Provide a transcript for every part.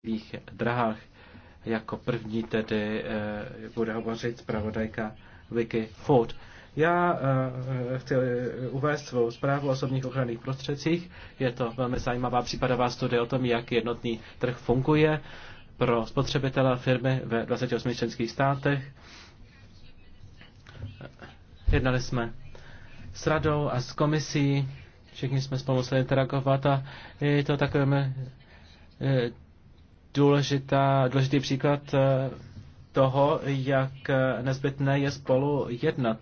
svých drahách. Jako první tedy eh, bude hovořit zpravodajka Vicky Ford. Já eh, chci eh, uvést svou zprávu o osobních ochranných prostředcích. Je to velmi zajímavá případová studie o tom, jak jednotný trh funguje pro spotřebitele firmy ve 28 členských státech. Jednali jsme s radou a s komisí, všichni jsme spolu museli interagovat a je to takové důležitá, důležitý příklad eh, toho, jak eh, nezbytné je spolu jednat.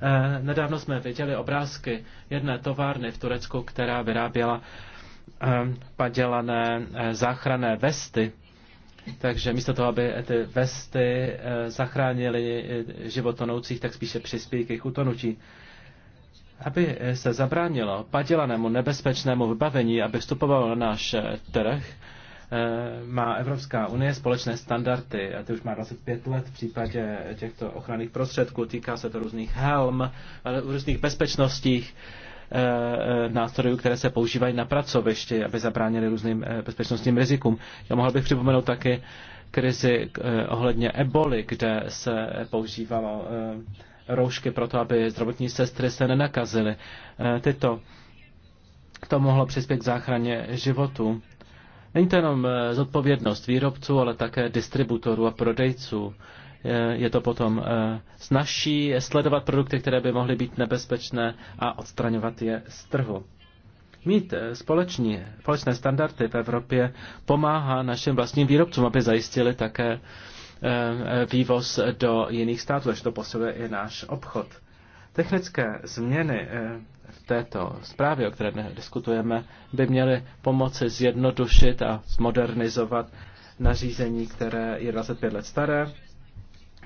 Eh, nedávno jsme viděli obrázky jedné továrny v Turecku, která vyráběla ehm, padělané záchranné vesty. Takže místo toho, aby ty vesty zachránily život tonoucích, tak spíše přispějí k jejich utonutí. Aby se zabránilo padělanému nebezpečnému vybavení, aby vstupovalo na náš trh, Eh, má Evropská unie společné standardy, a ty už má 25 let v případě těchto ochranných prostředků, týká se to různých helm, různých bezpečnostích, eh, eh, nástrojů, které se používají na pracovišti, aby zabránili různým bezpečnostním rizikům. Já mohl bych připomenout taky krizi ohledně eboli, kde se používalo roušky pro to, aby zdravotní sestry se nenakazily. Tyto to mohlo přispět k záchraně životu. Není to jenom eh, zodpovědnost výrobců, ale také distributorů a prodejců. Je to potom eh, snažší sledovat produkty, které by mohly být nebezpečné a odstraňovat je z trhu. Mít eh, společní, společné standardy v Evropě pomáhá našim vlastním výrobcům, aby zajistili také vývoz do jiných států, takže to posiluje i náš obchod. Technické změny eh, v této zprávě, o které diskutujeme, by měly pomoci zjednodušit a zmodernizovat nařízení, které je 25 let staré.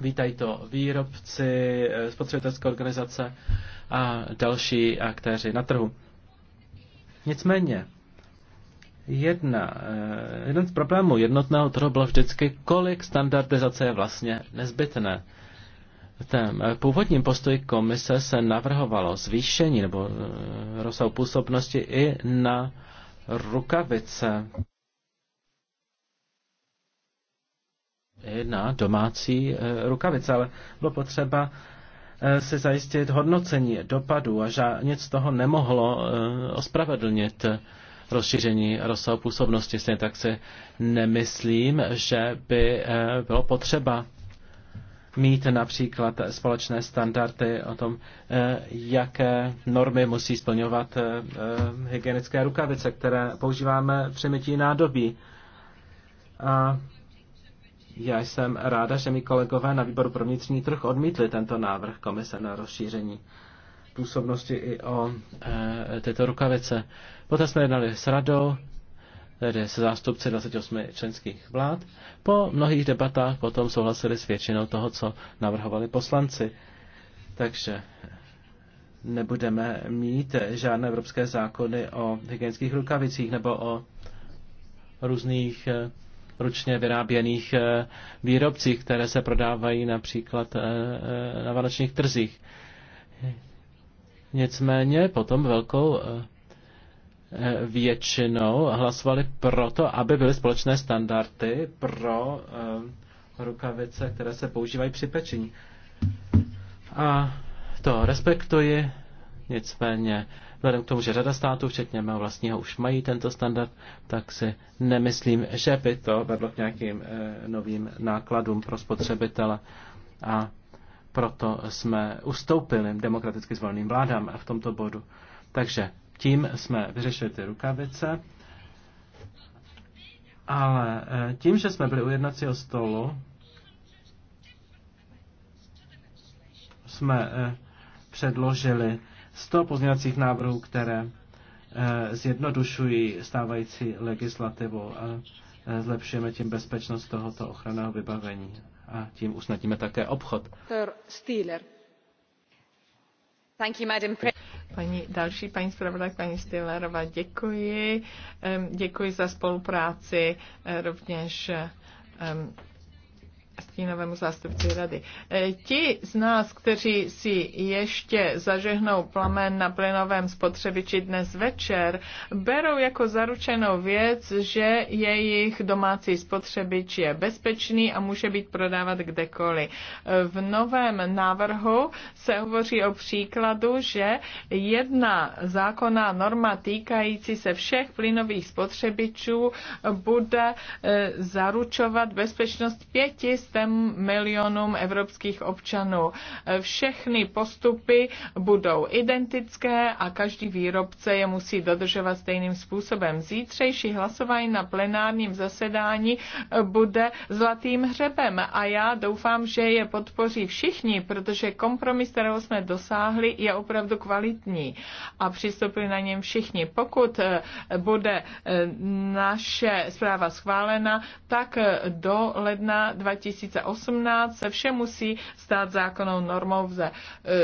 Vítají to výrobci, eh, spotřebitelské organizace a další aktéři na trhu. Nicméně, jedna, eh, jeden z problémů jednotného trhu bylo vždycky, kolik standardizace je vlastně nezbytné. V tém původním postoji komise se navrhovalo zvýšení nebo eh, rozsahu působnosti i na rukavice. I na domácí eh, rukavice, ale bylo potřeba eh, si zajistit hodnocení dopadů a ža- nic z toho nemohlo ospravedlnit rozšíření rozsahu působnosti. Stejně tak si nemyslím, že by bylo potřeba mít například společné standardy o tom, eh, jaké normy musí splňovat eh, eh, hygienické rukavice, které používáme při mytí nádobí. A já jsem ráda, že mi kolegové na výboru pro vnitřní trh odmítli tento návrh komise na rozšíření působnosti i o e, tyto rukavice. Poté jsme jednali s radou, se zástupci 28 členských vlád, po mnohých debatách potom souhlasili s většinou toho, co navrhovali poslanci. Takže nebudeme mít žádné evropské zákony o hygienických rukavicích nebo o různých eh, ručně vyráběných eh, výrobcích, které se prodávají například eh, na vánočních trzích. Nicméně potom velkou Eh, většinou hlasovali pro to, aby byly společné standardy pro eh, rukavice, které se používají při pečení. A to respektuji, nicméně vzhledem k tomu, že řada států, včetně mého vlastního, už mají tento standard, tak si nemyslím, že by to vedlo k nějakým eh, novým nákladům pro spotřebitele. A proto jsme ustoupili demokraticky zvoleným vládám v tomto bodu. Takže tím jsme vyřešili ty rukavice, ale eh, tím, že jsme byli u jednacího stolu, jsme eh, předložili 100 pozměňovacích návrhů, které eh, zjednodušují stávající legislativu a zlepšujeme tím bezpečnost tohoto ochranného vybavení a tím usnadníme také obchod. Stýler. Paní další, paní zpravodajka, paní Stillerová, děkuji. Děkuji za spolupráci eh, rovněž stínovému zástupci rady. E, ti z nás, kteří si ještě zažehnou plamen na plynovém spotřebiči dnes večer, berou jako zaručenou věc, že jejich domácí spotřebič je bezpečný a může být prodávat kdekoliv. V novém návrhu se hovoří o příkladu, že jedna zákonná norma týkající se všech plynových spotřebičů bude e, zaručovat bezpečnost pěti z té milionům evropských občanů. Všechny postupy budou identické a každý výrobce je musí dodržovat stejným způsobem. Zítřejší hlasování na plenárním zasedání bude zlatým hřebem a já doufám, že je podpoří všichni, protože kompromis, kterého jsme dosáhli, je opravdu kvalitní a přistoupili na něm všichni. Pokud eh, bude eh, naše zpráva schválena, tak do ledna 2000 2018 se vše musí stát zákonnou normou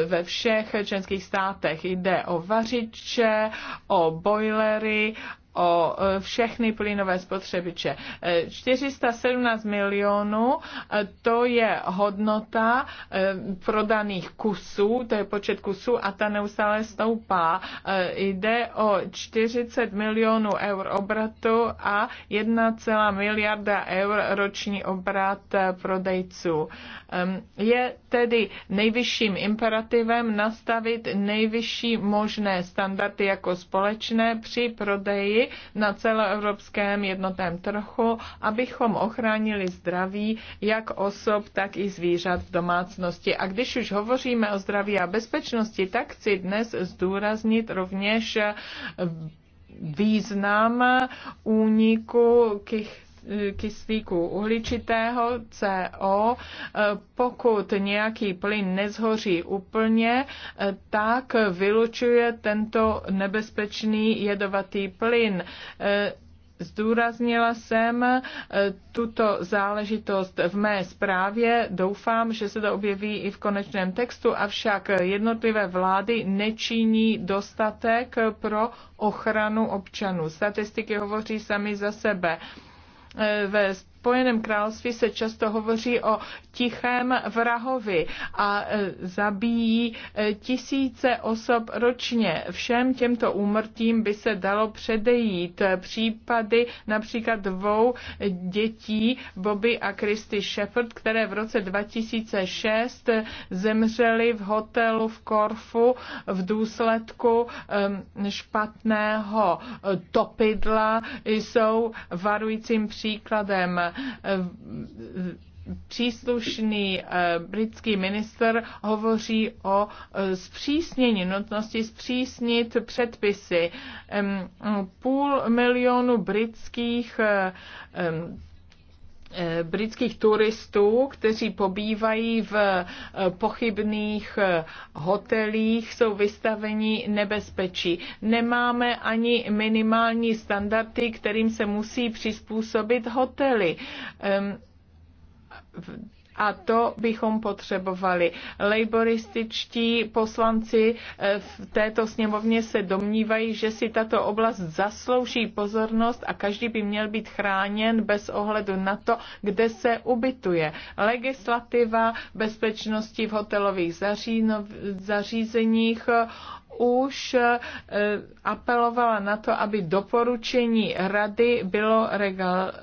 ve všech členských státech. Jde o vařiče, o bojlery o e, všechny plynové spotřebiče. 417 e, milionů e, to je hodnota prodaných kusů, to je počet kusů a ta neustále stoupá. Jde o 40 milionů eur obratu a 1, miliarda eur roční obrat prodejců. Je tedy nejvyšším imperativem nastavit nejvyšší možné standardy jako společné při prodeji na celoevropském jednotném trhu, abychom ochránili zdraví jak osob, tak i zvířat v domácnosti. A když už hovoříme o zdraví a bezpečnosti, tak chci dnes zdůraznit rovněž význam úniku kych kyslíku uhličitého CO, pokud nějaký plyn nezhoří úplně, tak vylučuje tento nebezpečný jedovatý plyn. Zdůraznila jsem tuto záležitost v mé zprávě. Doufám, že se to objeví i v konečném textu, avšak jednotlivé vlády nečiní dostatek pro ochranu občanů. Statistiky hovoří sami za sebe. Eh, ve Spojeném království se často hovoří o tichém vrahovi a e, zabíjí e, tisíce osob ročně. Všem těmto úmrtím by se dalo předejít. Případy například dvou dětí, Bobby a Christy Shepard, které v roce 2006 zemřely v hotelu v Korfu v důsledku špatného topidla, jsou varujícím příkladem příslušný eh, britský minister hovoří o eh, zpřísnění, nutnosti zpřísnit předpisy. Půl milionu britských eh, Eh, britských turistů, kteří pobývají v eh, pochybných eh, hotelích, jsou vystaveni nebezpečí. Nemáme ani minimální standardy, kterým se musí přizpůsobit hotely a to bychom potřebovali. Laborističtí poslanci eh, v této sněmovně se domnívají, že si tato oblast zaslouží pozornost a každý by měl být chráněn bez ohledu na to, kde se ubytuje. Legislativa bezpečnosti v hotelových zařízeních, už eh, apelovala na to, aby doporučení rady bylo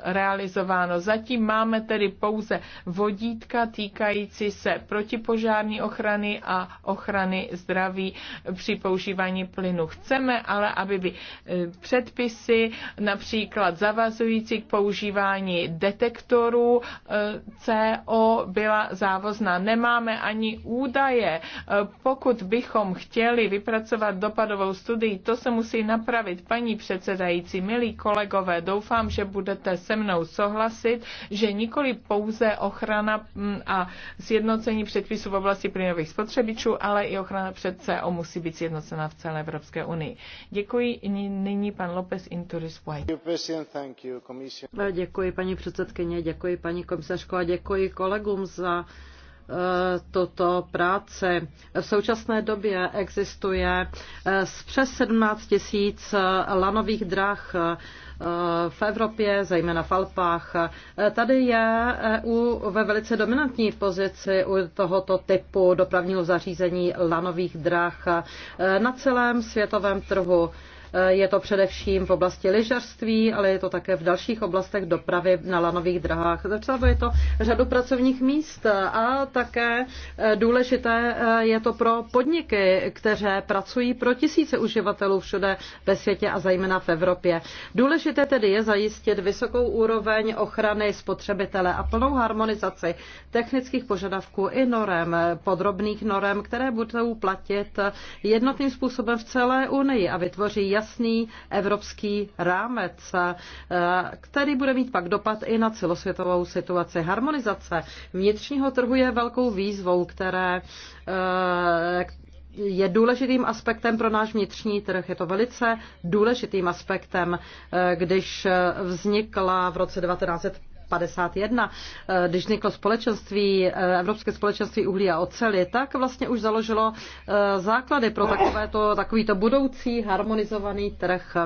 realizováno. Zatím máme tedy pouze vodítka týkající se protipožární ochrany a ochrany zdraví při používání plynu. Chceme ale, aby by eh, předpisy například zavazující k používání detektorů eh, CO byla závozná. Nemáme ani údaje. Pokud bychom chtěli vypracovat vypracovat dopadovou studii, to se musí napravit. Paní předsedající, milí kolegové, doufám, že budete se mnou souhlasit, že nikoli pouze ochrana mm, a sjednocení předpisů v oblasti plynových spotřebičů, ale i ochrana před CO musí být sjednocena v celé Evropské unii. Děkuji nyní pan López Inturis White. Děkuji paní předsedkyně, děkuji paní komisařko a děkuji kolegům za Eh, tuto práci. V současné době existuje eh, přes 17 tisíc eh, lanových drah v Evropě, zejména v Alpách. Tady je EU ve velice dominantní pozici u tohoto typu dopravního zařízení lanových drah na celém světovém trhu. Je to především v oblasti lyžařství, ale je to také v dalších oblastech dopravy na lanových drahách. Zapřává je to řadu pracovních míst a také důležité je to pro podniky, které pracují pro tisíce uživatelů všude ve světě a zejména v Evropě. Důležité tedy je zajistit vysokou úroveň ochrany spotřebitele a plnou harmonizaci technických požadavků i norem, podrobných norem, které budou platit jednotným způsobem v celé Unii a vytvoří jasný jasný evropský rámec, eh, který bude mít pak dopad i na celosvětovou situaci. Harmonizace vnitřního trhu je velkou výzvou, které eh, je důležitým aspektem pro náš vnitřní trh. Je to velice důležitým aspektem, eh, když vznikla v roce 1950 51, eh, když vzniklo společenství, eh, Evropské společenství uhlí a oceli, tak vlastně už založilo eh, základy pro takový to budoucí harmonizovaný trh.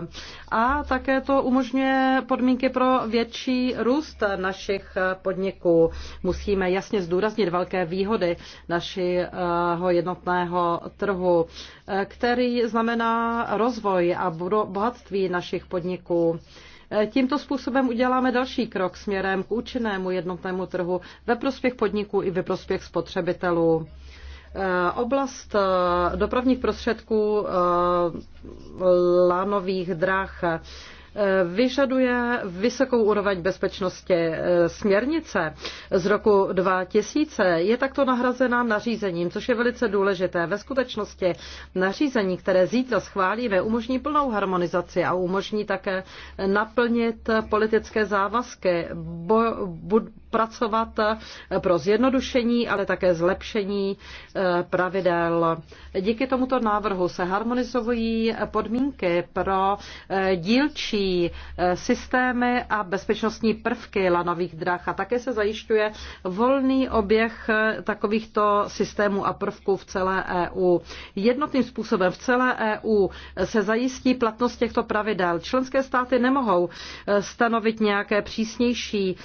A také to umožňuje podmínky pro větší růst našich podniků. Musíme jasně zdůraznit velké výhody našeho jednotného trhu, který znamená rozvoj a bohatství našich podniků. Tímto způsobem uděláme další krok směrem k účinnému jednotnému trhu ve prospěch podniků i ve prospěch spotřebitelů. Eh, oblast eh, dopravních prostředků eh, lánových drah Eh, vyžaduje vysokou úroveň bezpečnosti eh, směrnice z roku 2000. Je takto nahrazena nařízením, což je velice důležité. Ve skutečnosti nařízení, které zítra schválíme, umožní plnou harmonizaci a umožní také naplnit politické závazky, bo, bu, pracovat pro zjednodušení, ale také zlepšení eh, pravidel. Díky tomuto návrhu se harmonizují podmínky pro eh, dílčí eh, systémy a bezpečnostní prvky lanových drah a také se zajišťuje volný oběh takovýchto systémů a prvků v celé EU. Jednotným způsobem v celé EU se zajistí platnost těchto pravidel. Členské státy nemohou stanovit nějaké přísnější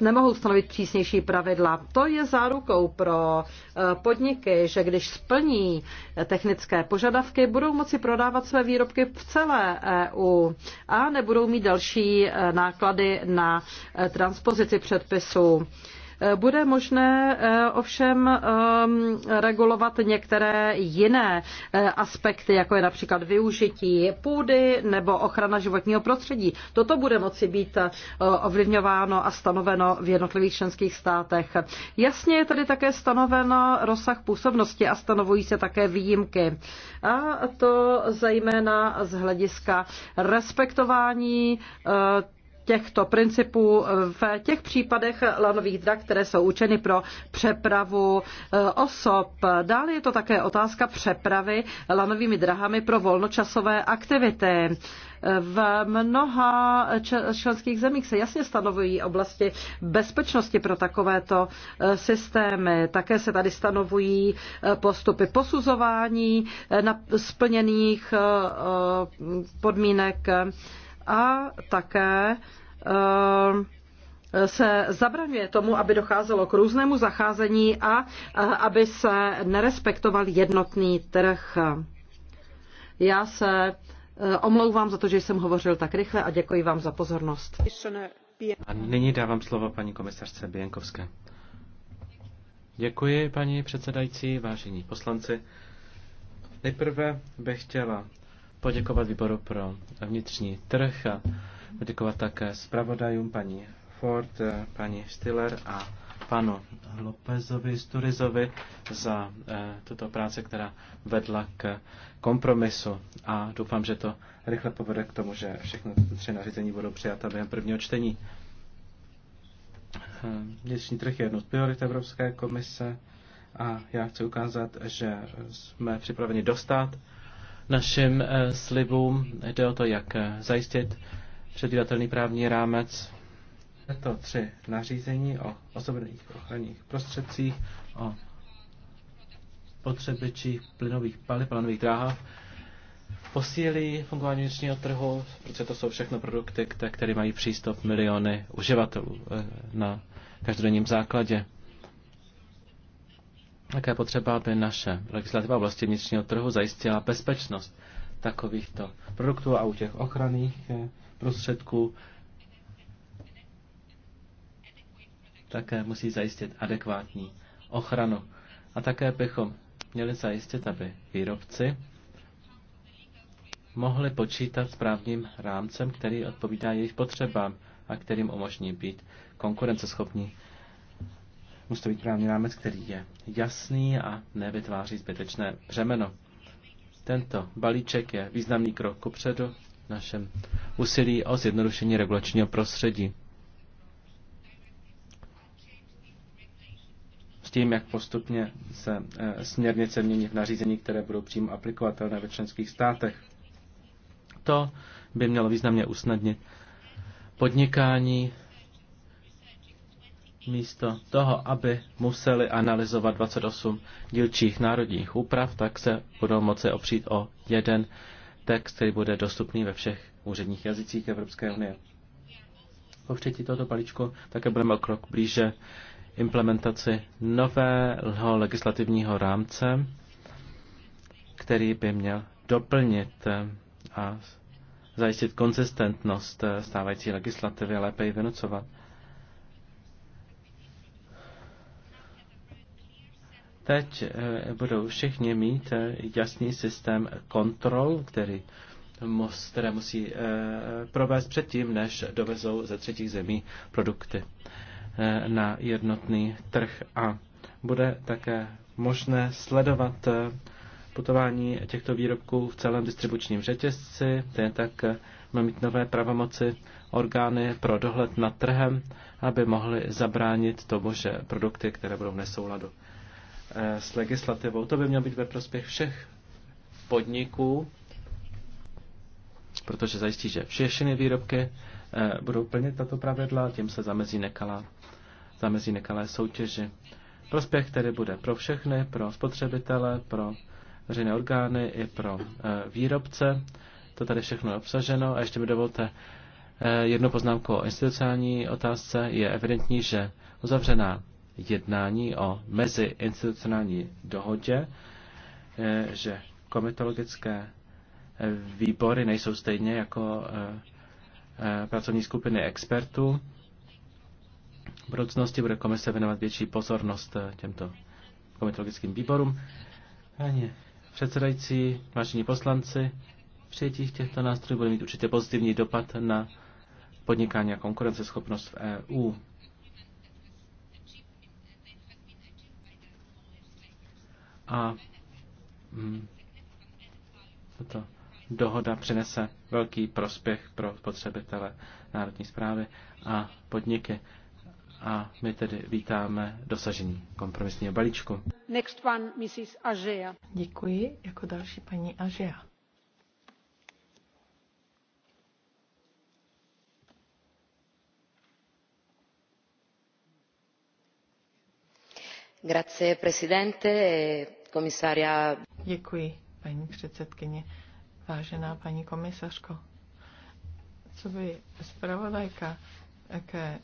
nemohou stanovit přísnější pravidla. To je zárukou pro eh, podniky, že když splní technické požadavky, budou moci prodávat své výrobky v celé EU a nebudou mít další eh, náklady na eh, transpozici předpisů. Bude možné eh, ovšem eh, regulovat některé jiné eh, aspekty, jako je například využití půdy nebo ochrana životního prostředí. Toto bude moci být ovlivňováno a stanoveno v jednotlivých členských státech. Jasně je tady také stanoveno rozsah působnosti a stanovují se také výjimky. A to zejména z hlediska respektování těchto principů v těch případech lanových drah, které jsou učeny pro přepravu eh, osob. Dále je to také otázka přepravy lanovými drahami pro volnočasové aktivity. V mnoha členských zemích se jasně stanovují oblasti bezpečnosti pro takovéto eh, systémy. Také se tady stanovují eh, postupy posuzování na splněných podmínek a také eh, se zabraňuje tomu, aby docházelo k různému zacházení a eh, aby se nerespektoval jednotný trh. Já se eh, omlouvám za to, že jsem hovořil tak rychle a děkuji vám za pozornost. A nyní dávám slovo paní komisařce Bienkovské. Děkuji, paní předsedající, vážení poslanci. Nejprve bych chtěla poděkovat výboru pro vnitřní trh a poděkovat také zpravodajům paní Ford, eh, paní Stiller a panu Lopezovi Sturizovi za eh, tuto práci, která vedla k kompromisu a doufám, že to rychle povede k tomu, že všechno tyto tři nařízení budou přijata během prvního čtení. Eh, vnitřní trh je jednou z priorit Evropské komise a já chci ukázat, že jsme připraveni dostat našim eh, slibům. Jde o to, jak eh, zajistit předvídatelný právní rámec. Je to tři nařízení o osobných ochranných prostředcích, o potřebičích plynových paliv, plynových dráhách, posílí fungování vnitřního trhu, protože to jsou všechno produkty, které mají přístup miliony uživatelů eh, na každodenním základě. Také je potřeba, aby naše legislativa oblasti vnitřního trhu zajistila bezpečnost takovýchto produktů a u těch ochranných eh, prostředků také musí zajistit adekvátní ochranu. A také bychom měli zajistit, aby výrobci mohli počítat s právním rámcem, který odpovídá jejich potřebám a kterým umožní být konkurenceschopní. Musí to být právní rámec, který je jasný a nevytváří zbytečné břemeno. Tento balíček je významný krok kopředu v našem úsilí o zjednodušení regulačního prostředí. S tím, jak postupně se eh, směrnice mění v nařízení, které budou přímo aplikovatelné ve členských státech. To by mělo významně usnadnit podnikání místo toho, aby museli analyzovat 28 dílčích národních úprav, tak se budou moci opřít o jeden text, který bude dostupný ve všech úředních jazycích Evropské unie. Po přijetí tohoto balíčku také budeme o krok blíže implementaci nového legislativního rámce, který by měl doplnit eh, a zajistit konzistentnost eh, stávající legislativy a lépe ji vynucovat. Teď eh, budou všichni mít eh, jasný systém kontrol, který které musí eh, provést předtím, než dovezou ze třetích zemí produkty na jednotný trh a bude také možné sledovat putování těchto výrobků v celém distribučním řetězci, stejně tak má mít nové pravomoci orgány pro dohled nad trhem, aby mohly zabránit tomu, že produkty, které budou v nesouladu Eh, s legislativou. To by mělo být ve prospěch všech podniků, protože zajistí, že všechny výrobky eh, budou plnit tato pravidla, tím se zamezí nekalá, zamezí nekalé soutěži. Prospěch tedy bude pro všechny, pro spotřebitele, pro veřejné orgány i pro eh, výrobce. To tady všechno je obsaženo. A ještě mi dovolte jednu poznámku o institucionální otázce. Je evidentní, že uzavřená jednání o meziinstitucionální dohodě, eh, že komitologické eh, výbory nejsou stejně jako eh, pracovní skupiny expertů. V budoucnosti bude komise věnovat větší pozornost těmto komitologickým výborům. Ani předsedající, vážení poslanci, přijetí těchto nástrojů bude mít určitě pozitivní dopad na podnikání a konkurenceschopnost v EU. a hm, tato dohoda přinese velký prospěch pro spotřebitele národní zprávy a podniky. A my tedy vítáme dosažení kompromisního balíčku. Next one, Mrs. Děkuji. Jako další paní Ažea. Děkuji, paní předsedkyně. Vážená paní komisařko, co by zpravodajka ke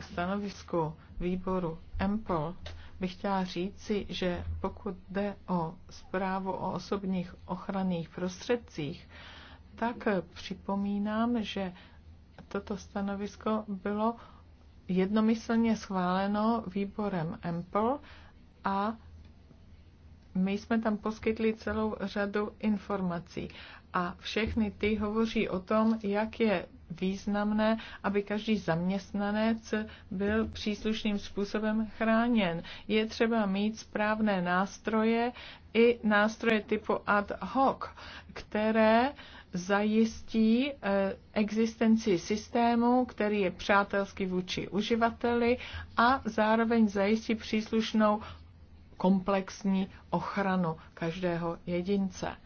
stanovisku výboru EMPL bych chtěla říci, že pokud jde o zprávu o osobních ochranných prostředcích, tak připomínám, že toto stanovisko bylo jednomyslně schváleno výborem EMPL a my jsme tam poskytli celou řadu informací a všechny ty hovoří o tom, jak je významné, aby každý zaměstnanec byl příslušným způsobem chráněn. Je třeba mít správné nástroje i nástroje typu ad hoc, které zajistí eh, existenci systému, který je přátelský vůči uživateli a zároveň zajistí příslušnou komplexní ochranu každého jedince.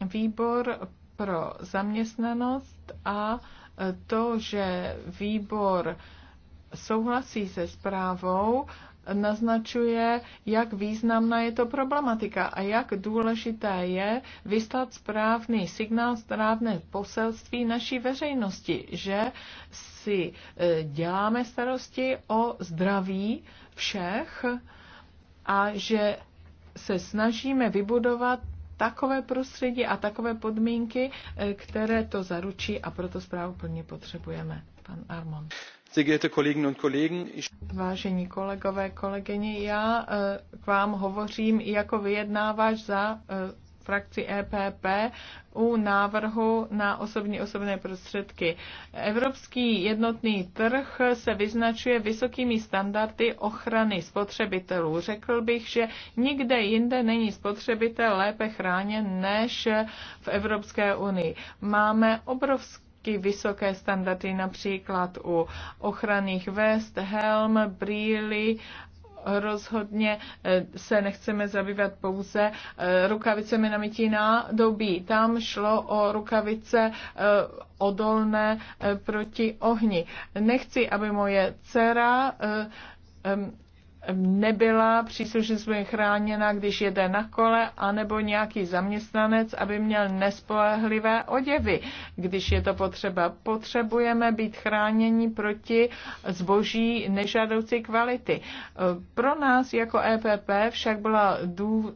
Výbor pro zaměstnanost a eh, to, že výbor souhlasí se zprávou, naznačuje, jak významná je to problematika a jak důležité je vyslat správný signál, správné poselství naší veřejnosti, že si e, děláme starosti o zdraví všech a že se snažíme vybudovat takové prostředí a takové podmínky, e, které to zaručí a proto zprávu plně potřebujeme. Pan Armon. Vážení kolegové, kolegyně, já eh, k vám hovořím i jako vyjednávač za eh, frakci EPP u návrhu na osobní osobné prostředky. Evropský jednotný trh se vyznačuje vysokými standardy ochrany spotřebitelů. Řekl bych, že nikde jinde není spotřebitel lépe chráněn než v Evropské unii. Máme obrovské taky vysoké standardy, například u ochranných vest, helm, brýly, rozhodně eh, se nechceme zabývat pouze eh, rukavicemi na mytí nádobí. Tam šlo o rukavice eh, odolné proti ohni. Nechci, aby moje dcera nebyla příslušně svým chráněna, když jede na kole, anebo nějaký zaměstnanec, aby měl nespolehlivé oděvy, když je to potřeba. Potřebujeme být chráněni proti zboží nežádoucí kvality. Pro nás jako EPP však byla důvod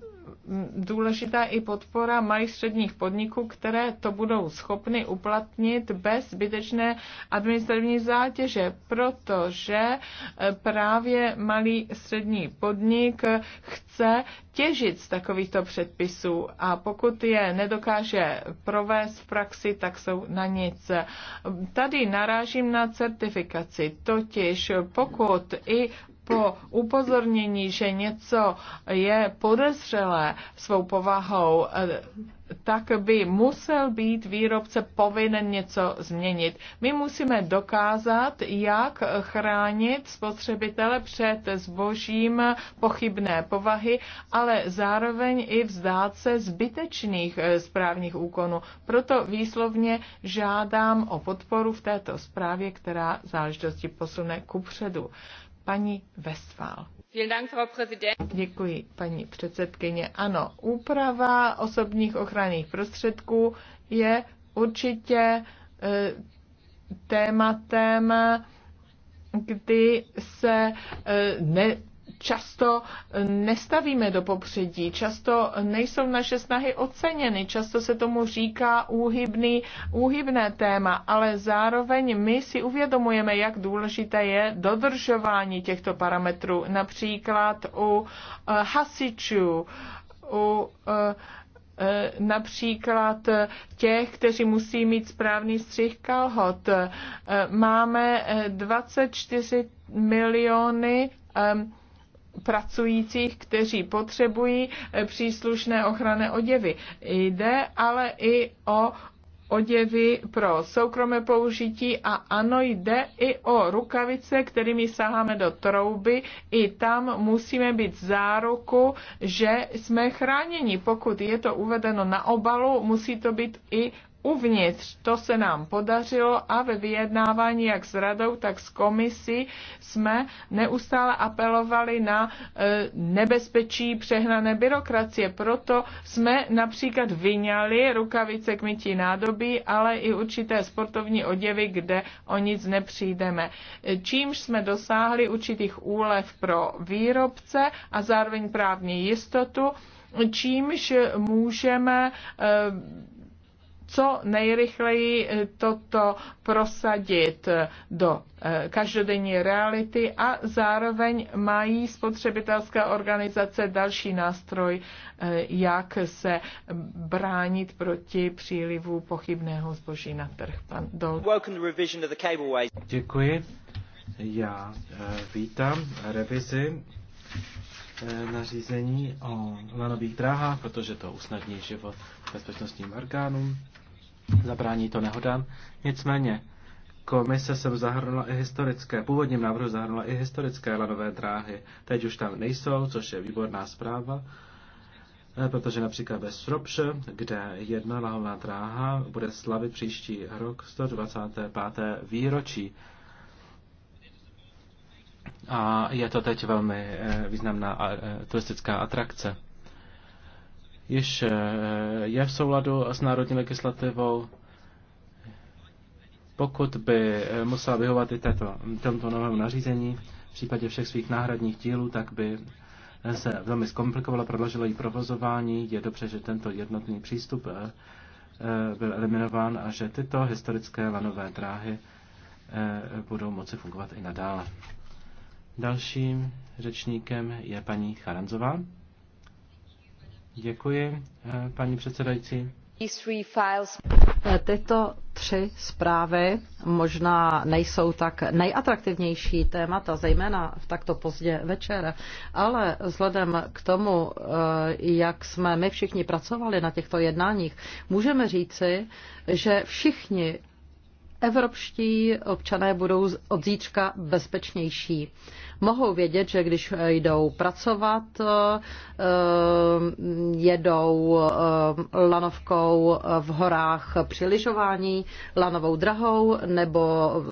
důležitá i podpora malých středních podniků, které to budou schopny uplatnit bez zbytečné administrativní zátěže, protože eh, právě malý střední podnik eh, chce těžit z takovýchto předpisů a pokud je nedokáže provést v praxi, tak jsou na nic. Tady narážím na certifikaci, totiž pokud i po upozornění, že něco je podezřelé svou povahou, eh, tak by musel být výrobce povinen něco změnit. My musíme dokázat, jak chránit spotřebitele před zbožím pochybné povahy, ale zároveň i vzdát se zbytečných eh, správních úkonů. Proto výslovně žádám o podporu v této zprávě, která záležitosti posune ku předu paní Westphal. Děkuji, paní předsedkyně. Ano, úprava osobních ochranných prostředků je určitě e, tématem, kdy se e, ne, často nestavíme do popředí, často nejsou naše snahy oceněny, často se tomu říká úhybný, úhybné téma, ale zároveň my si uvědomujeme, jak důležité je dodržování těchto parametrů, například u eh, hasičů, u eh, eh, například těch, kteří musí mít správný střih kalhot. Máme 24 miliony um, pracujících, kteří potřebují eh, příslušné ochranné oděvy. Jde ale i o oděvy pro soukromé použití a ano, jde i o rukavice, kterými saháme do trouby. I tam musíme být záruku, že jsme chráněni. Pokud je to uvedeno na obalu, musí to být i uvnitř. To se nám podařilo a ve vyjednávání jak s radou, tak s komisí jsme neustále apelovali na e, nebezpečí přehnané byrokracie. Proto jsme například vyňali rukavice k mytí nádobí, ale i určité sportovní oděvy, kde o nic nepřijdeme. E, čímž jsme dosáhli určitých úlev pro výrobce a zároveň právní jistotu, čímž můžeme e, co nejrychleji eh, toto prosadit do eh, každodenní reality a zároveň mají spotřebitelské organizace další nástroj, eh, jak se bránit proti přílivu pochybného zboží na trh. Pan Dol. Děkuji. Já vítám revizi nařízení o lanových dráhách, protože to usnadní život bezpečnostním orgánům zabrání to nehodám. Nicméně komise jsem zahrnula i historické, původním návrhu zahrnula i historické lanové dráhy. Teď už tam nejsou, což je výborná zpráva, eh, protože například ve Sropše, kde jedna lahová dráha bude slavit příští rok 125. výročí. A je to teď velmi eh, významná eh, turistická atrakce již eh, je v souladu s národní legislativou. Pokud by eh, musela vyhovat i této, tomto novému nařízení, v případě všech svých náhradních dílů, tak by eh, se velmi zkomplikovalo, prodloužilo jí provozování. Je dobře, že tento jednotný přístup byl eliminován a že tyto historické lanové dráhy budou moci fungovat i nadále. Dalším řečníkem je paní Charanzová. Děkuji, eh, paní předsedající. Eh, tyto tři zprávy možná nejsou tak nejatraktivnější témata, zejména v takto pozdě večer, ale vzhledem k tomu, eh, jak jsme my všichni pracovali na těchto jednáních, můžeme říci, že všichni evropští občané budou od zítřka bezpečnější mohou vědět, že když eh, jdou pracovat, eh, jedou eh, lanovkou v horách při lyžování, lanovou drahou nebo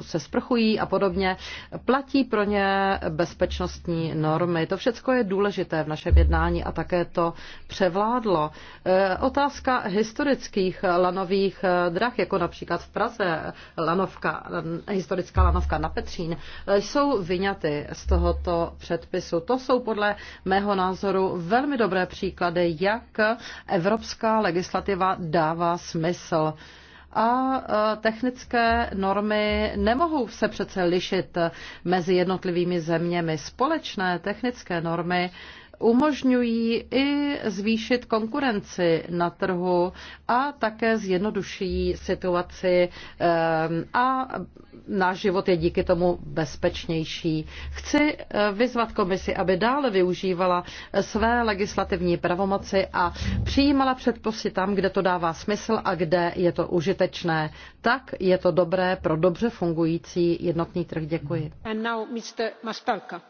se sprchují a podobně, platí pro ně bezpečnostní normy. To všechno je důležité v našem jednání a také to převládlo. Otázka historických lanových drah, jako například v Praze lanovka, historická lanovka na Petřín, jsou vyňaty z toho tohoto předpisu. To jsou podle mého názoru velmi dobré příklady, jak evropská legislativa dává smysl a e, technické normy nemohou se přece lišit mezi jednotlivými zeměmi. Společné technické normy umožňují i zvýšit konkurenci na trhu a také zjednoduší situaci ehm, a náš život je díky tomu bezpečnější. Chci eh, vyzvat komisi, aby dále využívala své legislativní pravomoci a přijímala předposy tam, kde to dává smysl a kde je to užitečné. Tak je to dobré pro dobře fungující jednotný trh. Děkuji. And now Mr. Mastalka.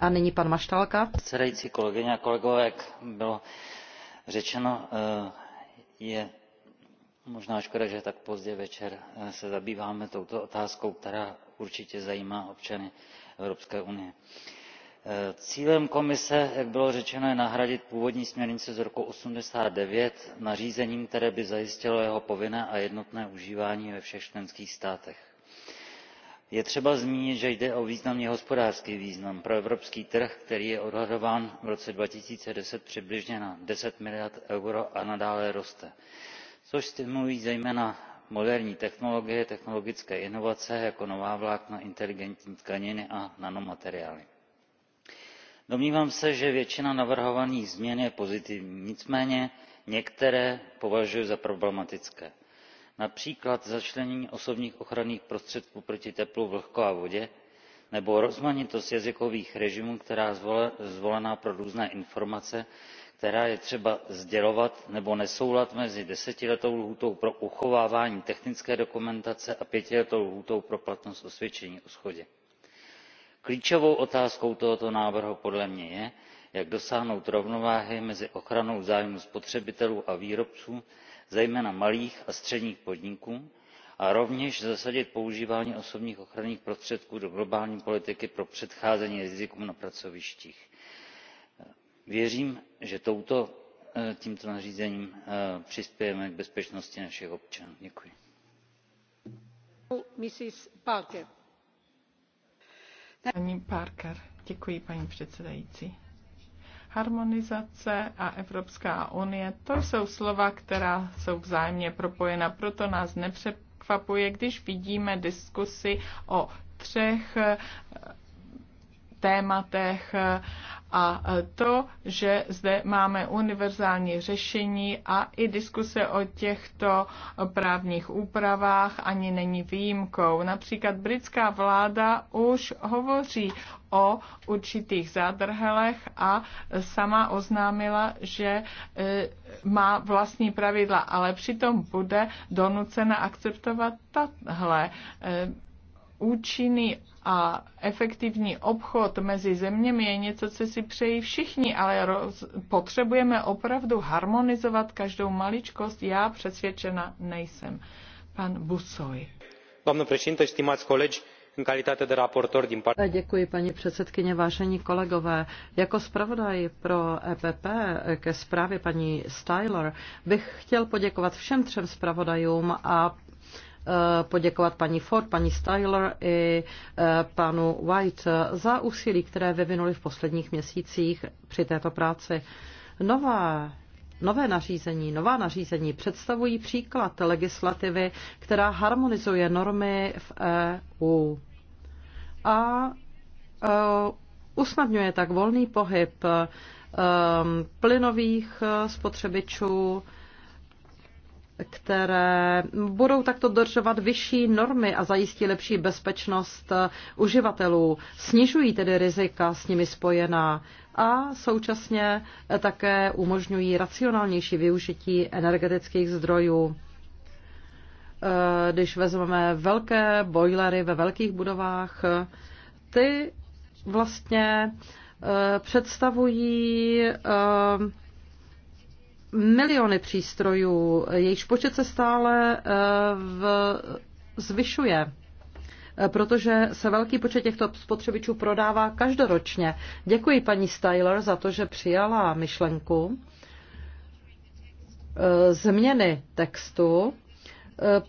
A nyní pan Maštálka. Předající kolegyně a kolegové, jak bylo řečeno, eh, je možná škoda, že tak pozdě večer eh, se zabýváme touto otázkou, která určitě zajímá občany Evropské unie. Eh, cílem komise, jak bylo řečeno, je nahradit původní směrnici z roku 89 nařízením, které by zajistilo jeho povinné a jednotné užívání ve všech členských státech je třeba zmínit že jde o významný hospodářský význam pro evropský trh který je odhadován v roce two thousand and ten přibližně na ten miliard eur a nadále roste což stimulují zejména moderní technologie technologické inovace jako nová vlákna inteligentní tkaniny a nanomateriály. domnívám se že většina navrhovaných změn je pozitivní nicméně některé považuji za problematické například začlenění osobních ochranných prostředků proti teplu vlhko a vodě nebo rozmanitost jazykových režimů která zvolena pro různé informace které je třeba sdělovat nebo nesoulad mezi desetiletou lhůtou pro uchovávání technické dokumentace a pětiletou lhůtou pro platnost osvědčení o shodě. klíčovou otázkou tohoto návrhu podle mě je jak dosáhnout rovnováhy mezi ochranou zájmů spotřebitelů a výrobců zejména malých a středních podniků a rovněž zasadit používání osobních ochranných prostředků do globální politiky pro předcházení rizikům na pracovištích. věřím že eh, tímto nařízením eh, přispějeme k bezpečnosti našich občanů. děkuji. Paní Parker, děkuji paní zprávu. Harmonizace a Evropská unie, to jsou slova, která jsou vzájemně propojena, proto nás nepřekvapuje, když vidíme diskusy o třech tématech a to, že zde máme univerzální řešení a i diskuse o těchto právních úpravách ani není výjimkou. Například britská vláda už hovoří o určitých zádrhelech a sama oznámila, že e, má vlastní pravidla, ale přitom bude donucena akceptovat tahle e, účinný a efektivní obchod mezi zeměmi je něco, co si přejí všichni, ale roz, potřebujeme opravdu harmonizovat každou maličkost. Já přesvědčena nejsem. Pan Busoj. Pane președintă, stimați colegi, în calitate de raportor din partea... Děkuji, paní předsedkyně, vážení kolegové. Jako zpravodaj pro EPP ke zprávě paní Styler bych chtěl poděkovat všem třem zpravodajům a Eh, poděkovat paní Ford, paní Styler i eh, panu White za úsilí, které vyvinuli v posledních měsících při této práci. Nová Nové nařízení, nová nařízení představují příklad legislativy, která harmonizuje normy v EU a eh, usnadňuje tak volný pohyb plynových spotřebičů, které budou takto dodržovat vyšší normy a zajistí lepší bezpečnost uživatelů, snižují tedy rizika s nimi spojená a současně také umožňují racionálnější využití energetických zdrojů. Eh, když vezmeme velké bojlery ve velkých budovách, ty vlastně eh, představují eh, miliony přístrojů, jejichž počet se stále eh, v, zvyšuje eh, protože se velký počet těchto spotřebičů prodává každoročně. Děkuji paní Styler za to, že přijala myšlenku eh, změny textu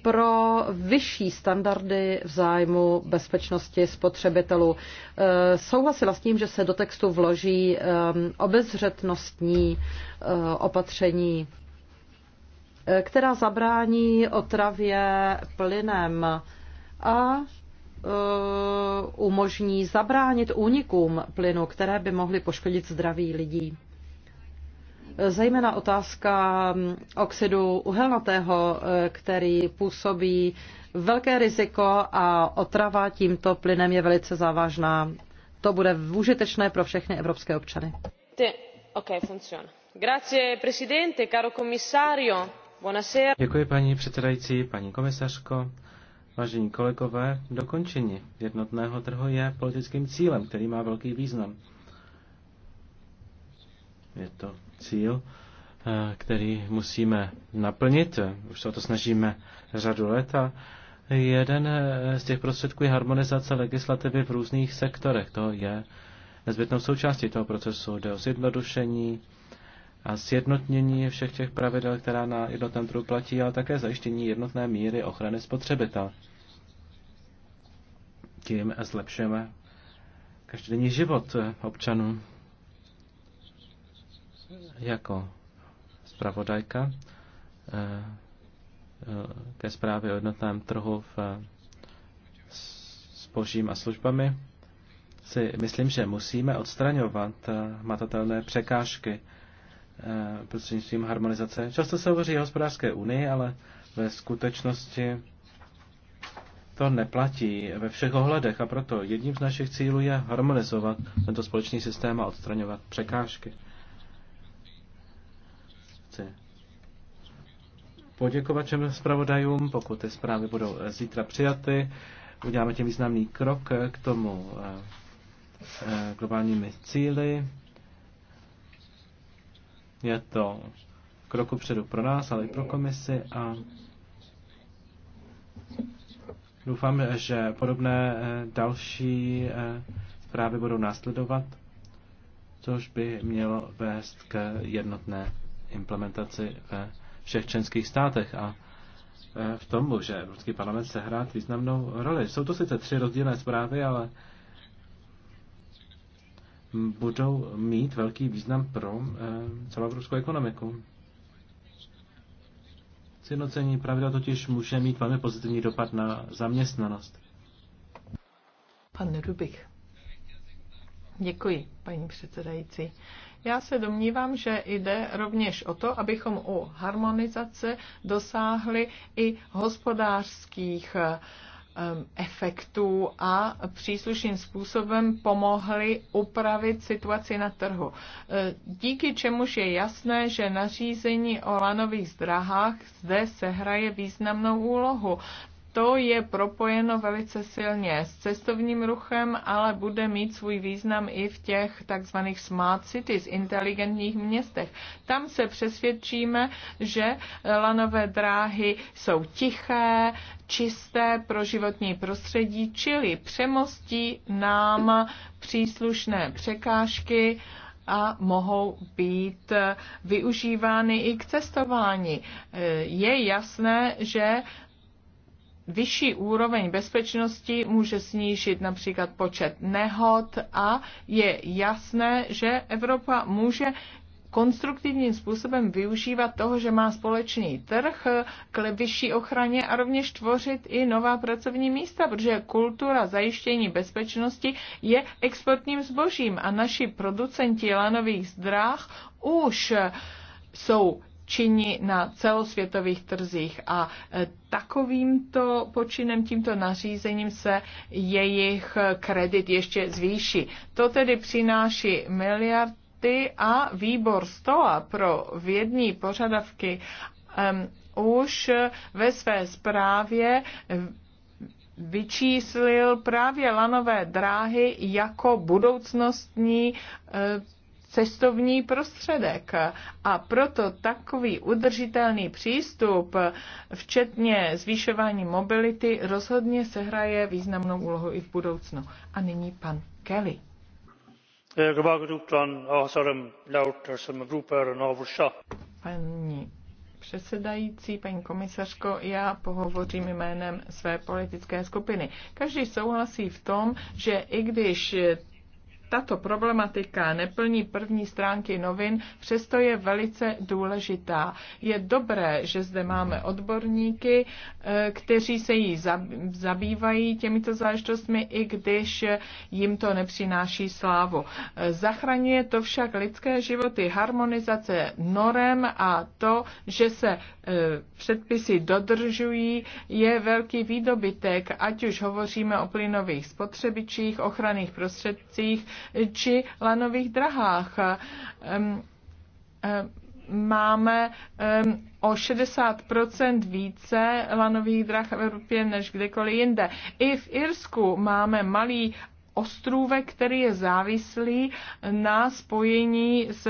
pro vyšší standardy v zájmu bezpečnosti spotřebitelů. E, souhlasila s tím, že se do textu vloží e, obezřetnostní e, opatření, která zabrání otravě plynem a umožní zabránit únikům plynu, které by mohly poškodit zdraví lidí. Zejména otázka mm, oxidu uhelnatého, eh, který působí velké riziko a otrava tímto plynem je velice závažná. To bude užitečné pro všechny evropské občany. Děkuji paní předsedající, paní komisařko. Vážení kolegové, dokončení jednotného trhu je politickým cílem, který má velký význam. Je to cíl, eh, který musíme naplnit. Už se o to snažíme řadu let a jeden eh, z těch prostředků je harmonizace legislativy v různých sektorech. To je nezbytnou součástí toho procesu. Jde o zjednodušení a sjednotnění všech těch pravidel, která na jednotném trhu platí, ale také zajištění jednotné míry ochrany spotřebitele. Tím zlepšujeme každodenní život občanů jako zpravodajka eh, eh, ke zprávě o jednotném trhu v božím a službami si myslím, že musíme odstraňovat eh, matatelné překážky prostřednictvím harmonizace. Často se hovoří o hospodářské unii, ale ve skutečnosti to neplatí ve všech ohledech a proto jedním z našich cílů je harmonizovat tento společný systém a odstraňovat překážky chci poděkovat všem zpravodajům, pokud ty zprávy budou eh, zítra přijaty. Uděláme tím významný krok eh, k tomu eh, globálními cíly. Je to kroku předu pro nás, ale i pro komisi a doufám, že podobné další zprávy budou následovat, což by mělo vést k jednotné implementaci ve všech členských státech a e, v tom, může Evropský parlament se významnou roli. Jsou to sice tři rozdílné zprávy, ale budou mít velký význam pro e, celou evropskou ekonomiku. Sjednocení pravidla totiž může mít velmi pozitivní dopad na zaměstnanost. Pan Rubik. Děkuji, paní předsedající. Já se domnívám, že jde rovněž o to, abychom u harmonizace dosáhli i hospodářských efektů a příslušným způsobem pomohli upravit situaci na trhu. E, díky čemuž je jasné, že nařízení o lanových zdrahách zde sehraje významnou úlohu to je propojeno velice silně s cestovním ruchem, ale bude mít svůj význam i v těch takzvaných smart cities, inteligentních městech. Tam se přesvědčíme, že lanové dráhy jsou tiché, čisté pro životní prostředí, čili přemostí nám příslušné překážky, a mohou být využívány i k cestování. Je jasné, že vyšší úroveň bezpečnosti může snížit například počet nehod a je jasné, že Evropa může konstruktivním způsobem využívat toho, že má společný trh k vyšší ochraně a rovněž tvořit i nová pracovní místa, protože kultura zajištění bezpečnosti je exportním zbožím a naši producenti lanových zdrách už jsou činí na celosvětových trzích a e, takovýmto počinem, tímto nařízením se jejich kredit ještě zvýší. To tedy přináší miliardy a výbor stola pro vědní požadavky um, už ve své zprávě vyčíslil právě lanové dráhy jako budoucnostní uh, cestovní prostředek. A proto takový udržitelný přístup, včetně zvýšování mobility, rozhodně sehraje významnou úlohu i v budoucnu. A nyní pan Kelly. Paní předsedající, paní komisařko, já pohovořím jménem své politické skupiny. Každý souhlasí v tom, že i když tato problematika neplní první stránky novin, přesto je velice důležitá. Je dobré, že zde máme odborníky, eh, kteří se jí zabývají těmito záležitostmi, i když jim to nepřináší slávu. Eh, zachraňuje to však lidské životy, harmonizace norem a to, že se eh, předpisy dodržují, je velký výdobytek, ať už hovoříme o plynových spotřebičích, ochranných prostředcích, či lanových drahách. Máme o 60 více lanových drah v Evropě než kdekoliv jinde. I v Irsku máme malý ostrůvek, který je závislý na spojení s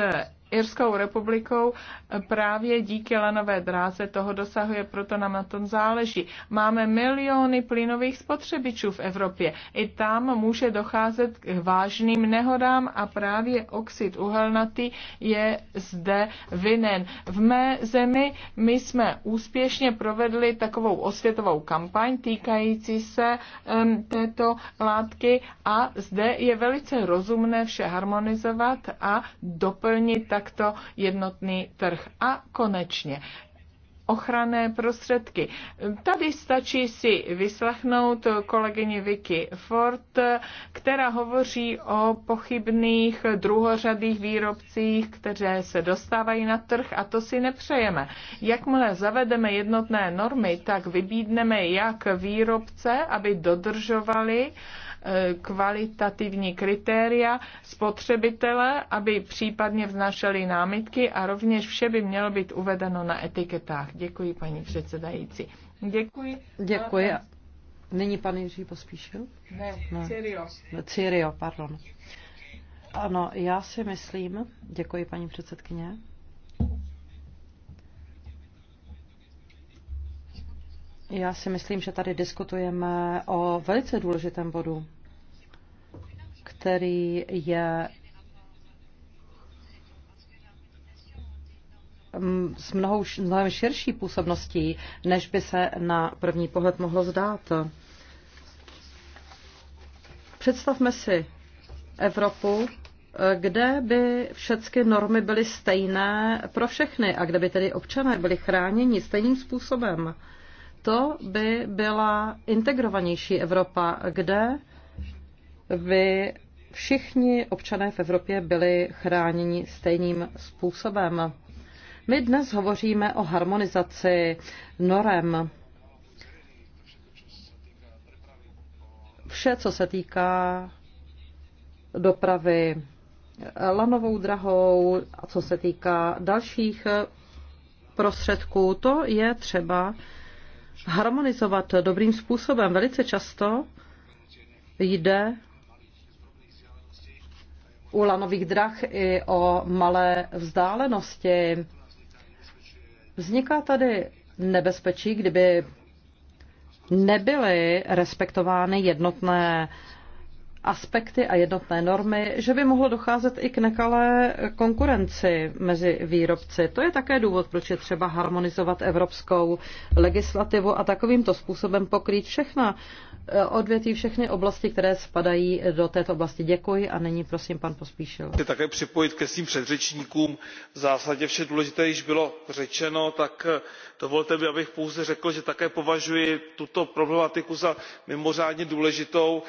Irskou republikou eh, právě díky lanové dráze toho dosahuje, proto nám na tom záleží. Máme miliony plynových spotřebičů v Evropě. I tam může docházet k vážným nehodám a právě oxid uhelnatý je zde vinen. V mé zemi my jsme úspěšně provedli takovou osvětovou kampaň týkající se um, této látky a zde je velice rozumné vše harmonizovat a doplnit takto jednotný trh. A konečně ochranné prostředky. Tady stačí si vyslechnout kolegyni Vicky Ford, která hovoří o pochybných druhořadých výrobcích, které se dostávají na trh a to si nepřejeme. Jakmile zavedeme jednotné normy, tak vybídneme jak výrobce, aby dodržovali uh, Eh, kvalitativní kritéria spotřebitele, aby případně vznašeli námitky a rovněž vše by mělo být uvedeno na etiketách. Děkuji, paní předsedající. Děkuji. Děkuji. Eh, Není pan Jiří pospíšil? Ne, ne. Cirio. Cirio, pardon. Ano, já si myslím, děkuji paní předsedkyně, Já si myslím, že tady diskutujeme o velice důležitém bodu který je mm, s mnohou, mnohem širší působností, než by se na první pohled mohlo zdát. Představme si Evropu, kde by všechny normy byly stejné pro všechny a kde by tedy občané byli chráněni stejným způsobem. To by byla integrovanější Evropa, kde by všichni občané v Evropě byli chráněni stejným způsobem. My dnes hovoříme o harmonizaci norem. Vše, co se týká dopravy lanovou drahou a co se týká dalších prostředků, to je třeba harmonizovat dobrým způsobem. Velice často jde u lanových drah i o malé vzdálenosti. Vzniká tady nebezpečí, kdyby nebyly respektovány jednotné aspekty a jednotné normy, že by mohlo docházet i k nekalé konkurenci mezi výrobci. To je také důvod, proč je třeba harmonizovat evropskou legislativu a takovýmto způsobem pokrýt všechna eh, odvětví, všechny oblasti, které spadají do této oblasti. Děkuji a nyní prosím pan Pospíšil. Chci také připojit ke svým předřečníkům. V zásadě vše důležité již bylo řečeno, tak dovolte mi abych pouze řekl že také považuji tuto problematiku za mimořádně důležitou.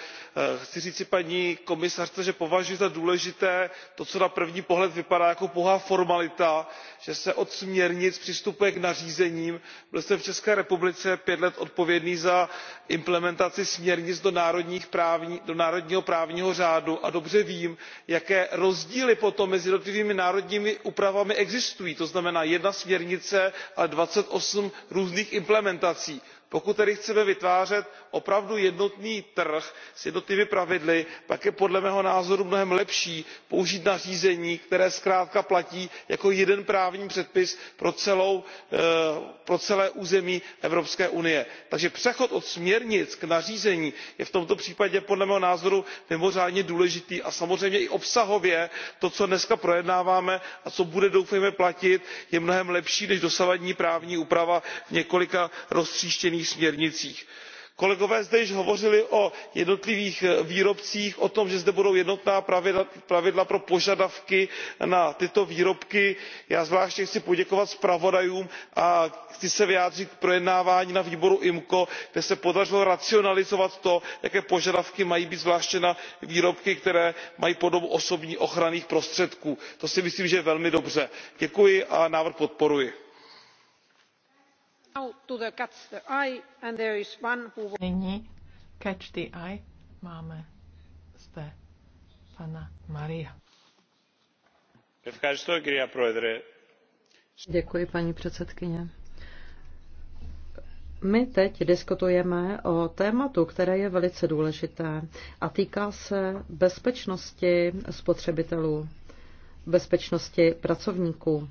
Eh, chci říci paní komisařce že považuji za důležité to co na první pohled vypadá jako pouhá formalita že se od směrnic přistupuje k nařízením. byl jsem v české republice pět let odpovědný za implementaci směrnic do národního právního řádu a dobře vím jaké rozdíly potom mezi jednotlivými národními úpravami existují to znamená jedna směrnice ale twenty eight různých implementací pokud tedy chceme vytvářet opravdu jednotný trh s jednotnými pravidly pak je podle mého názoru mnohem lepší použít nařízení které zkrátka platí jako jeden právní předpis eh, pro celé území evropské unie. takže přechod od směrnic k nařízení je v tomto případě podle mého názoru mimořádně důležitý a samozřejmě i obsahově to co dnes projednáváme a co bude doufejme platit je mnohem lepší než dosavadní právní úprava v několika roztříštěných unijních směrnicích. kolegové zde již hovořili o jednotlivých eh, výrobcích o tom že zde budou jednotná pravidla pro požadavky na tyto výrobky. já zvláště chci poděkovat zpravodajům a chci se vyjádřit k projednávání na výboru imco kde se podařilo racionalizovat to jaké požadavky mají být zvláště na výrobky které mají podobu osobních ochranných prostředků. to si myslím že je velmi dobře. děkuji a návrh podporuji. Nyní catch the eye máme zde pana Maria. Děkuji, paní předsedkyně. My teď diskutujeme o tématu, které je velice důležité a týká se bezpečnosti spotřebitelů, bezpečnosti pracovníků.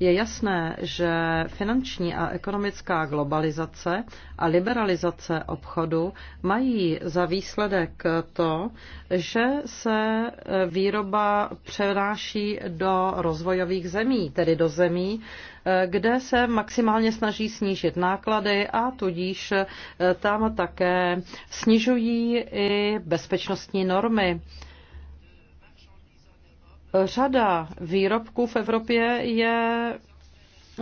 Je jasné, že finanční a ekonomická globalizace a liberalizace obchodu mají za výsledek to, že se výroba přenáší do rozvojových zemí, tedy do zemí, kde se maximálně snaží snížit náklady a tudíž tam také snižují i bezpečnostní normy Řada výrobků v Evropě je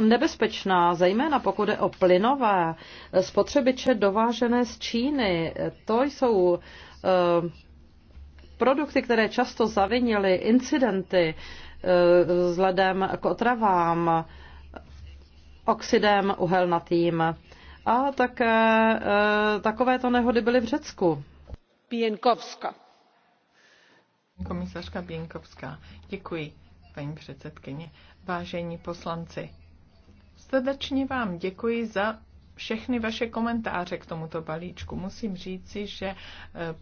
nebezpečná, zejména pokud je o plynové spotřebiče dovážené z Číny. To jsou eh, produkty, které často zavinily incidenty eh, vzhledem k otravám, oxidem uhelnatým. A také eh, takovéto nehody byly v Řecku. Pienkovska Komisařka Běnkovská, děkuji, paní předsedkyně. Vážení poslanci, srdečně vám děkuji za všechny vaše komentáře k tomuto balíčku. Musím říci, že e,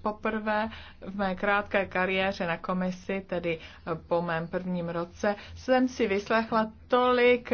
poprvé v mé krátké kariéře na komisi, tedy e, po mém prvním roce, jsem si vyslechla tolik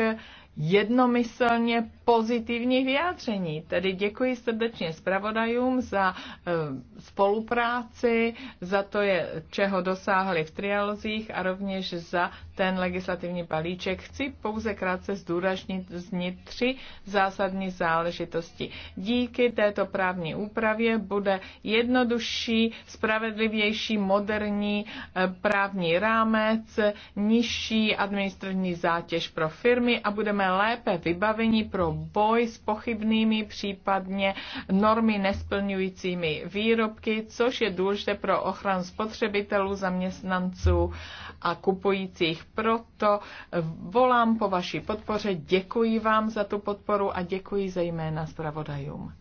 jednomyslně pozitivních vyjádření. Tedy děkuji srdečně zpravodajům za e, spolupráci, za to, je, čeho dosáhli v trialozích a rovněž za ten legislativní balíček. Chci pouze krátce zdůraznit znít tři zásadní záležitosti. Díky této právní úpravě bude jednodušší, spravedlivější, moderní e, právní rámec, nižší administrativní zátěž pro firmy a budeme lépe vybaveni pro boj s pochybnými, případně normy nesplňujícími výrobky, což je důležité pro ochranu spotřebitelů, zaměstnanců a kupujících. Proto volám po vaší podpoře. Děkuji vám za tu podporu a děkuji zejména zpravodajům.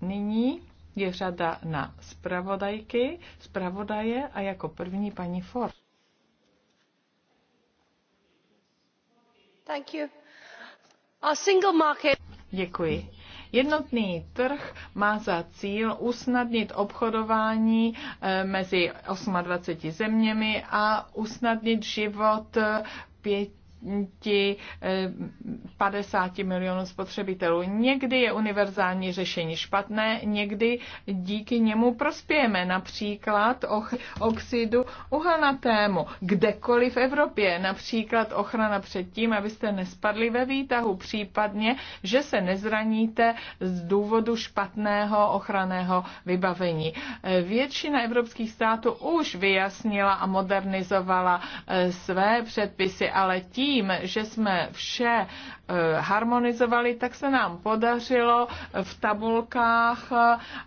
Nyní je řada na zpravodajky, zpravodaje a jako první paní Ford. Thank you. Děkuji. Jednotný trh má za cíl usnadnit obchodování eh, mezi 28 zeměmi a usnadnit život eh, pěti. 50 eh, milionů spotřebitelů. Někdy je univerzální řešení špatné, někdy díky němu prospějeme, například oxidu uhelnatému, kdekoliv v Evropě, například ochrana před tím, abyste nespadli ve výtahu, případně, že se nezraníte z důvodu špatného ochranného vybavení. Eh, většina evropských států už vyjasnila a modernizovala eh, své předpisy, ale ti, tím, že jsme vše eh, harmonizovali, tak se nám podařilo v tabulkách eh,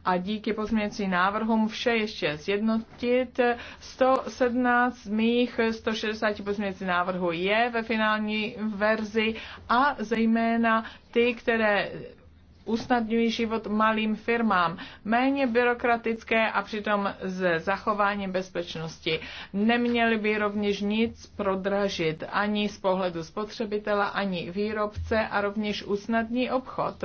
a díky pozměňovacím návrhům vše ještě zjednotit. 117 z mých 160 pozměňovacích návrhů je ve finální verzi a zejména ty, které usnadňují život malým firmám, méně byrokratické a přitom s zachováním bezpečnosti. Neměli by rovněž nic prodražit ani z pohledu spotřebitela, ani výrobce a rovněž usnadní obchod.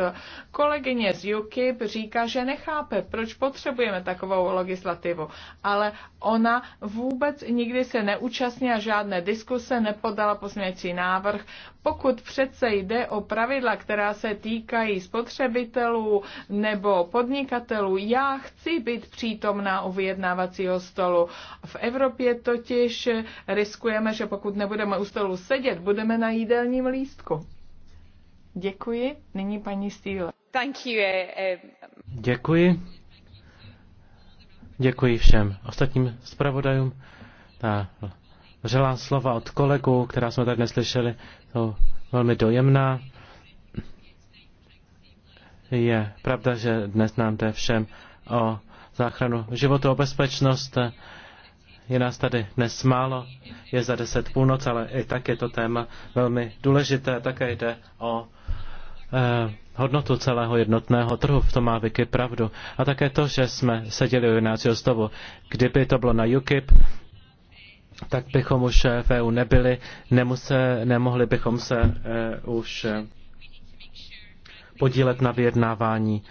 Kolegyně z UKIP říká, že nechápe, proč potřebujeme takovou legislativu, ale ona vůbec nikdy se neúčastnila žádné diskuse, nepodala posměcí návrh. Pokud přece jde o pravidla, která se týkají spotřebitela, spotřebitelů nebo podnikatelů. Já chci být přítomná u vyjednávacího stolu. V Evropě totiž riskujeme, že pokud nebudeme u stolu sedět, budeme na jídelním lístku. Děkuji. Nyní paní Stýle. Eh, eh. Děkuji. Děkuji všem ostatním zpravodajům. Ta vřelá slova od kolegů, která jsme tady neslyšeli, jsou velmi dojemná. Je pravda, že dnes nám jde všem o záchranu životu, o bezpečnost. Je nás tady dnes málo, je za deset půlnoc, ale i tak je to téma velmi důležité. Také jde o eh, hodnotu celého jednotného trhu, v tom má Vicky pravdu. A také to, že jsme seděli u jednácího stovu. Kdyby to bylo na UKIP, tak bychom už v EU nebyli, nemuse, nemohli bychom se eh, už podílet na vyjednávání.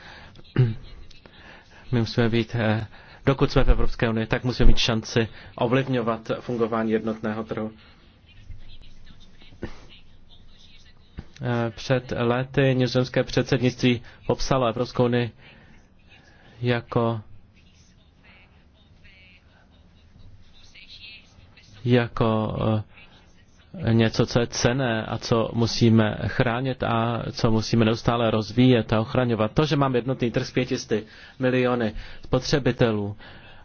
My musíme být, eh, dokud jsme v Evropské unii, tak musíme mít šanci ovlivňovat fungování jednotného trhu. Eh, před lety nizozemské předsednictví popsalo Evropskou unii jako jako eh, něco, co je cené a co musíme chránit a co musíme neustále rozvíjet a ochraňovat. To, že máme jednotný trh s 500 miliony spotřebitelů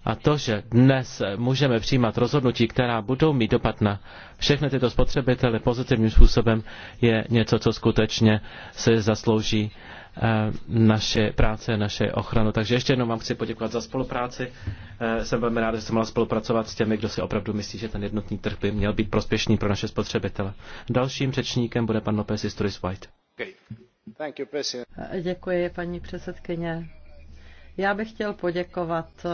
a to, že dnes můžeme přijímat rozhodnutí, která budou mít dopad na všechny tyto spotřebitele pozitivním způsobem, je něco, co skutečně se zaslouží Eh, naše práce, naše ochranu. Takže ještě jednou vám chci poděkovat za spolupráci. Eh, jsem velmi rád, že jsem mohla spolupracovat s těmi, kdo si opravdu myslí, že ten jednotný trh by měl být prospěšný pro naše spotřebitele. Dalším řečníkem bude pan Lopez Historis White. Eh, děkuji, paní předsedkyně. Já bych chtěl poděkovat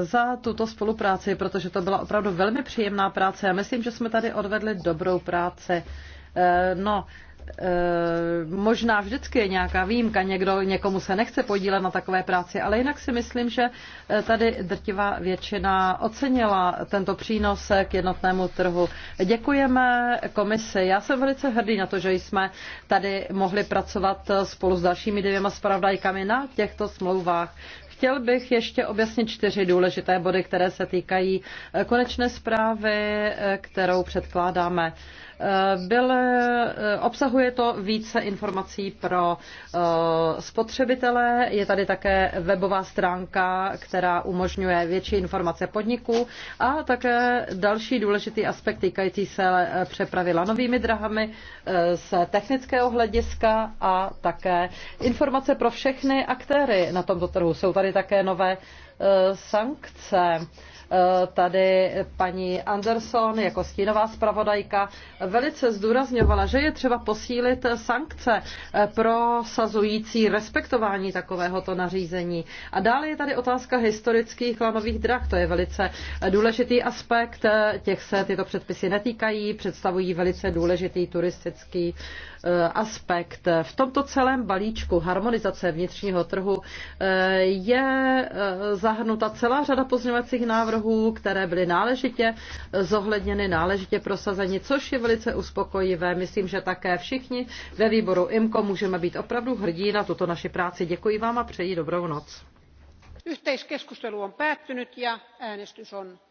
za tuto spolupráci, protože to byla opravdu velmi příjemná práce. Já myslím, že jsme tady odvedli dobrou práci. No, Eh, možná vždycky je nějaká výjimka, někdo, někomu se nechce podílet na takové práci, ale jinak si myslím, že eh, tady drtivá většina ocenila tento přínos k jednotnému trhu. Děkujeme komisi. Já jsem velice hrdý na to, že jsme tady mohli pracovat spolu s dalšími dvěma spravodajkami na těchto smlouvách. Chtěl bych ještě objasnit čtyři důležité body, které se týkají eh, konečné zprávy, kterou předkládáme. Eh, byl, eh, obsahuje to více informací pro eh, spotřebitele. Je tady také webová stránka, která umožňuje větší informace podniků a také další důležitý aspekt týkající se přepravy lanovými drahami z technického hlediska a také informace pro všechny aktéry na tomto trhu. Jsou tady také nové sankce Eh, tady paní Anderson jako stínová zpravodajka velice zdůrazňovala, že je třeba posílit sankce eh, pro sazující respektování takovéhoto nařízení. A dále je tady otázka historických lanových drah. To je velice důležitý aspekt. Eh, těch se tyto předpisy netýkají, představují velice důležitý turistický Eh, aspekt. V tomto celém balíčku harmonizace vnitřního trhu eh, je eh, zahrnuta celá řada pozměňovacích návrhů, které byly náležitě zohledněny, náležitě prosazeny, což je velice uspokojivé. Myslím, že také všichni ve výboru IMCO můžeme být opravdu hrdí na tuto naši práci. Děkuji vám a přeji dobrou noc. Yhteiskeskustelu on päättynyt ja äänestys on